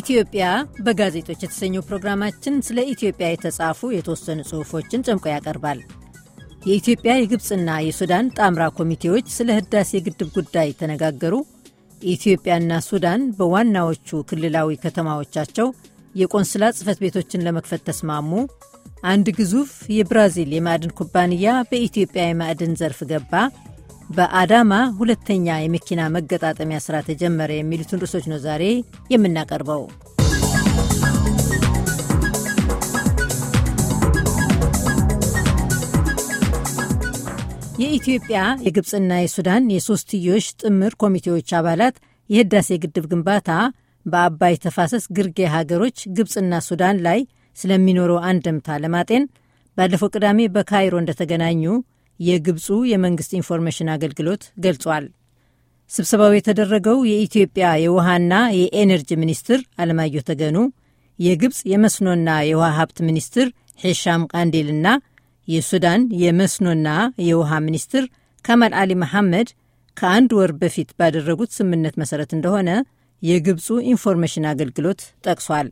ኢትዮጵያ በጋዜጦች የተሰኘው ፕሮግራማችን ስለ ኢትዮጵያ የተጻፉ የተወሰኑ ጽሑፎችን ጨምቆ ያቀርባል። የኢትዮጵያ የግብፅና የሱዳን ጣምራ ኮሚቴዎች ስለ ህዳሴ ግድብ ጉዳይ ተነጋገሩ፣ ኢትዮጵያና ሱዳን በዋናዎቹ ክልላዊ ከተማዎቻቸው የቆንስላ ጽህፈት ቤቶችን ለመክፈት ተስማሙ፣ አንድ ግዙፍ የብራዚል የማዕድን ኩባንያ በኢትዮጵያ የማዕድን ዘርፍ ገባ በአዳማ ሁለተኛ የመኪና መገጣጠሚያ ስራ ተጀመረ የሚሉትን ርዕሶች ነው ዛሬ የምናቀርበው። የኢትዮጵያ የግብፅና የሱዳን የሶስትዮሽ ጥምር ኮሚቴዎች አባላት የህዳሴ ግድብ ግንባታ በአባይ ተፋሰስ ግርጌ ሀገሮች ግብፅና ሱዳን ላይ ስለሚኖረው አንድምታ ለማጤን ባለፈው ቅዳሜ በካይሮ እንደተገናኙ የግብፁ የመንግስት ኢንፎርሜሽን አገልግሎት ገልጿል። ስብሰባው የተደረገው የኢትዮጵያ የውሃና የኤነርጂ ሚኒስትር አለማየሁ ተገኑ፣ የግብፅ የመስኖና የውሃ ሀብት ሚኒስትር ሒሻም ቃንዴልና የሱዳን የመስኖና የውሃ ሚኒስትር ከማል አሊ መሐመድ ከአንድ ወር በፊት ባደረጉት ስምምነት መሰረት እንደሆነ የግብፁ ኢንፎርሜሽን አገልግሎት ጠቅሷል።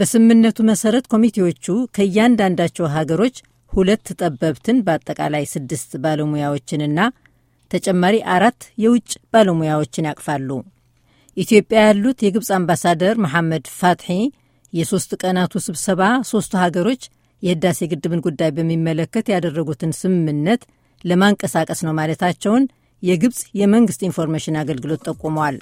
በስምምነቱ መሰረት ኮሚቴዎቹ ከእያንዳንዳቸው ሀገሮች ሁለት ጠበብትን በአጠቃላይ ስድስት ባለሙያዎችንና ተጨማሪ አራት የውጭ ባለሙያዎችን ያቅፋሉ። ኢትዮጵያ ያሉት የግብፅ አምባሳደር መሐመድ ፋትሒ የሦስት ቀናቱ ስብሰባ ሦስቱ ሀገሮች የህዳሴ ግድብን ጉዳይ በሚመለከት ያደረጉትን ስምምነት ለማንቀሳቀስ ነው ማለታቸውን የግብፅ የመንግሥት ኢንፎርሜሽን አገልግሎት ጠቁመዋል።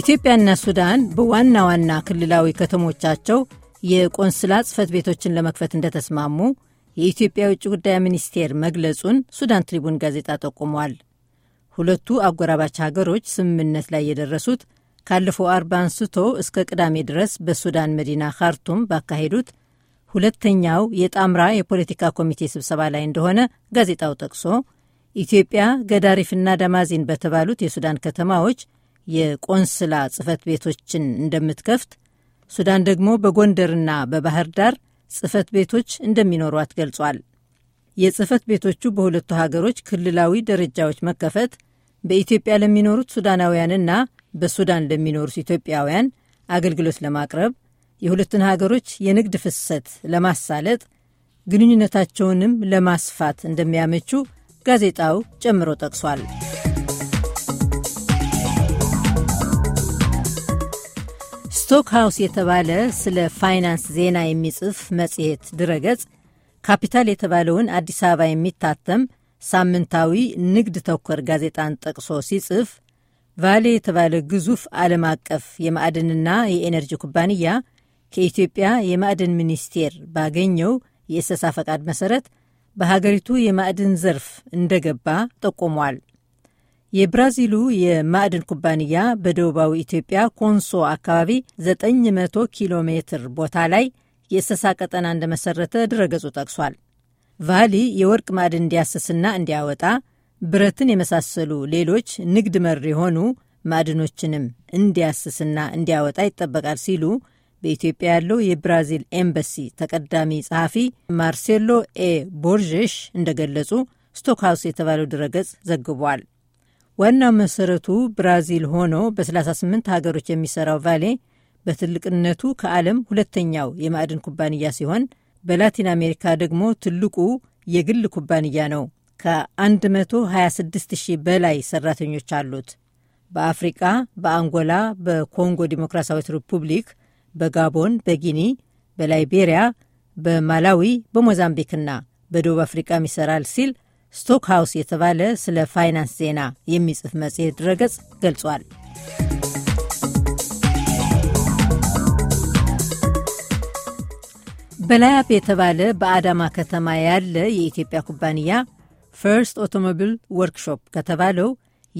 ኢትዮጵያና ሱዳን በዋና ዋና ክልላዊ ከተሞቻቸው የቆንስላ ጽህፈት ቤቶችን ለመክፈት እንደተስማሙ የኢትዮጵያ የውጭ ጉዳይ ሚኒስቴር መግለጹን ሱዳን ትሪቡን ጋዜጣ ጠቁሟል። ሁለቱ አጎራባች ሀገሮች ስምምነት ላይ የደረሱት ካለፈው አርባ አንስቶ እስከ ቅዳሜ ድረስ በሱዳን መዲና ካርቱም ባካሄዱት ሁለተኛው የጣምራ የፖለቲካ ኮሚቴ ስብሰባ ላይ እንደሆነ ጋዜጣው ጠቅሶ ኢትዮጵያ ገዳሪፍና ዳማዚን በተባሉት የሱዳን ከተማዎች የቆንስላ ጽህፈት ቤቶችን እንደምትከፍት፣ ሱዳን ደግሞ በጎንደርና በባህር ዳር ጽህፈት ቤቶች እንደሚኖሯት ገልጿል። የጽህፈት ቤቶቹ በሁለቱ ሀገሮች ክልላዊ ደረጃዎች መከፈት በኢትዮጵያ ለሚኖሩት ሱዳናውያንና በሱዳን ለሚኖሩት ኢትዮጵያውያን አገልግሎት ለማቅረብ የሁለቱን ሀገሮች የንግድ ፍሰት ለማሳለጥ ግንኙነታቸውንም ለማስፋት እንደሚያመቹ ጋዜጣው ጨምሮ ጠቅሷል። ሃውስ የተባለ ስለ ፋይናንስ ዜና የሚጽፍ መጽሔት ድረገጽ ካፒታል የተባለውን አዲስ አበባ የሚታተም ሳምንታዊ ንግድ ተኮር ጋዜጣን ጠቅሶ ሲጽፍ ቫሌ የተባለ ግዙፍ ዓለም አቀፍ የማዕድንና የኤነርጂ ኩባንያ ከኢትዮጵያ የማዕድን ሚኒስቴር ባገኘው የእሰሳ ፈቃድ መሰረት በሀገሪቱ የማዕድን ዘርፍ እንደገባ ጠቁሟል። የብራዚሉ የማዕድን ኩባንያ በደቡባዊ ኢትዮጵያ ኮንሶ አካባቢ 900 ኪሎ ሜትር ቦታ ላይ የእሰሳ ቀጠና እንደመሰረተ ድረገጹ ጠቅሷል። ቫሊ የወርቅ ማዕድን እንዲያስስና እንዲያወጣ ብረትን የመሳሰሉ ሌሎች ንግድ መር የሆኑ ማዕድኖችንም እንዲያስስና እንዲያወጣ ይጠበቃል ሲሉ በኢትዮጵያ ያለው የብራዚል ኤምባሲ ተቀዳሚ ጸሐፊ ማርሴሎ ኤ ቦርዥሽ እንደገለጹ ስቶክሃውስ የተባለው ድረገጽ ዘግቧል። ዋና መሰረቱ ብራዚል ሆኖ በ38 ሀገሮች የሚሰራው ቫሌ በትልቅነቱ ከዓለም ሁለተኛው የማዕድን ኩባንያ ሲሆን በላቲን አሜሪካ ደግሞ ትልቁ የግል ኩባንያ ነው። ከ126 ሺህ በላይ ሰራተኞች አሉት። በአፍሪቃ በአንጎላ፣ በኮንጎ ዲሞክራሲያዊት ሪፑብሊክ፣ በጋቦን፣ በጊኒ፣ በላይቤሪያ፣ በማላዊ፣ በሞዛምቢክና በደቡብ አፍሪቃም ይሰራል ሲል ስቶክ ሃውስ የተባለ ስለ ፋይናንስ ዜና የሚጽፍ መጽሔት ድረገጽ ገልጿል። በላያፕ የተባለ በአዳማ ከተማ ያለ የኢትዮጵያ ኩባንያ ፈርስት ኦቶሞቢል ወርክሾፕ ከተባለው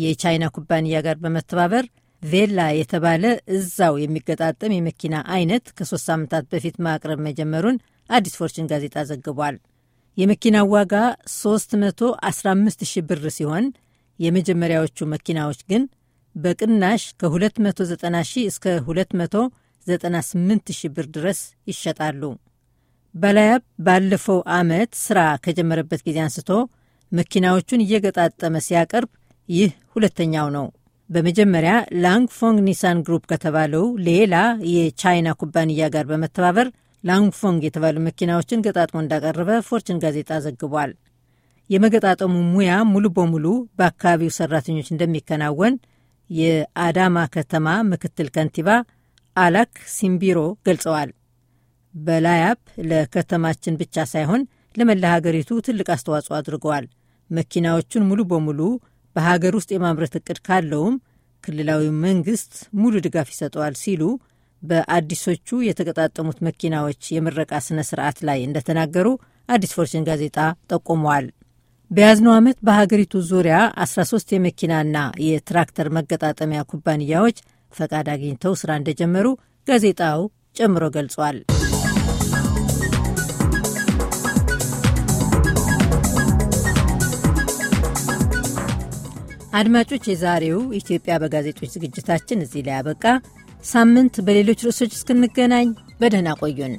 የቻይና ኩባንያ ጋር በመተባበር ቬላ የተባለ እዛው የሚገጣጠም የመኪና አይነት ከሶስት ሳምንታት በፊት ማቅረብ መጀመሩን አዲስ ፎርችን ጋዜጣ ዘግቧል። የመኪናው ዋጋ 315 ሺህ ብር ሲሆን የመጀመሪያዎቹ መኪናዎች ግን በቅናሽ ከ290 ሺህ እስከ 298 ሺህ ብር ድረስ ይሸጣሉ። በላያብ ባለፈው ዓመት ስራ ከጀመረበት ጊዜ አንስቶ መኪናዎቹን እየገጣጠመ ሲያቀርብ ይህ ሁለተኛው ነው። በመጀመሪያ ፎንግ ኒሳን ግሩፕ ከተባለው ሌላ የቻይና ኩባንያ ጋር በመተባበር ላንግፎንግ የተባሉ መኪናዎችን ገጣጥሞ እንዳቀረበ ፎርችን ጋዜጣ ዘግቧል። የመገጣጠሙ ሙያ ሙሉ በሙሉ በአካባቢው ሰራተኞች እንደሚከናወን የአዳማ ከተማ ምክትል ከንቲባ አላክ ሲምቢሮ ገልጸዋል። በላያፕ ለከተማችን ብቻ ሳይሆን ለመላ ሀገሪቱ ትልቅ አስተዋጽኦ አድርገዋል። መኪናዎቹን ሙሉ በሙሉ በሀገር ውስጥ የማምረት እቅድ ካለውም ክልላዊ መንግስት ሙሉ ድጋፍ ይሰጠዋል ሲሉ በአዲሶቹ የተቀጣጠሙት መኪናዎች የምረቃ ስነ ስርዓት ላይ እንደተናገሩ አዲስ ፎርችን ጋዜጣ ጠቁመዋል። በያዝነው ዓመት በሀገሪቱ ዙሪያ 13 የመኪናና የትራክተር መገጣጠሚያ ኩባንያዎች ፈቃድ አግኝተው ስራ እንደጀመሩ ጋዜጣው ጨምሮ ገልጿል። አድማጮች፣ የዛሬው ኢትዮጵያ በጋዜጦች ዝግጅታችን እዚህ ላይ አበቃ። ሳምንት በሌሎች ርዕሶች እስክንገናኝ በደህና ቆዩን።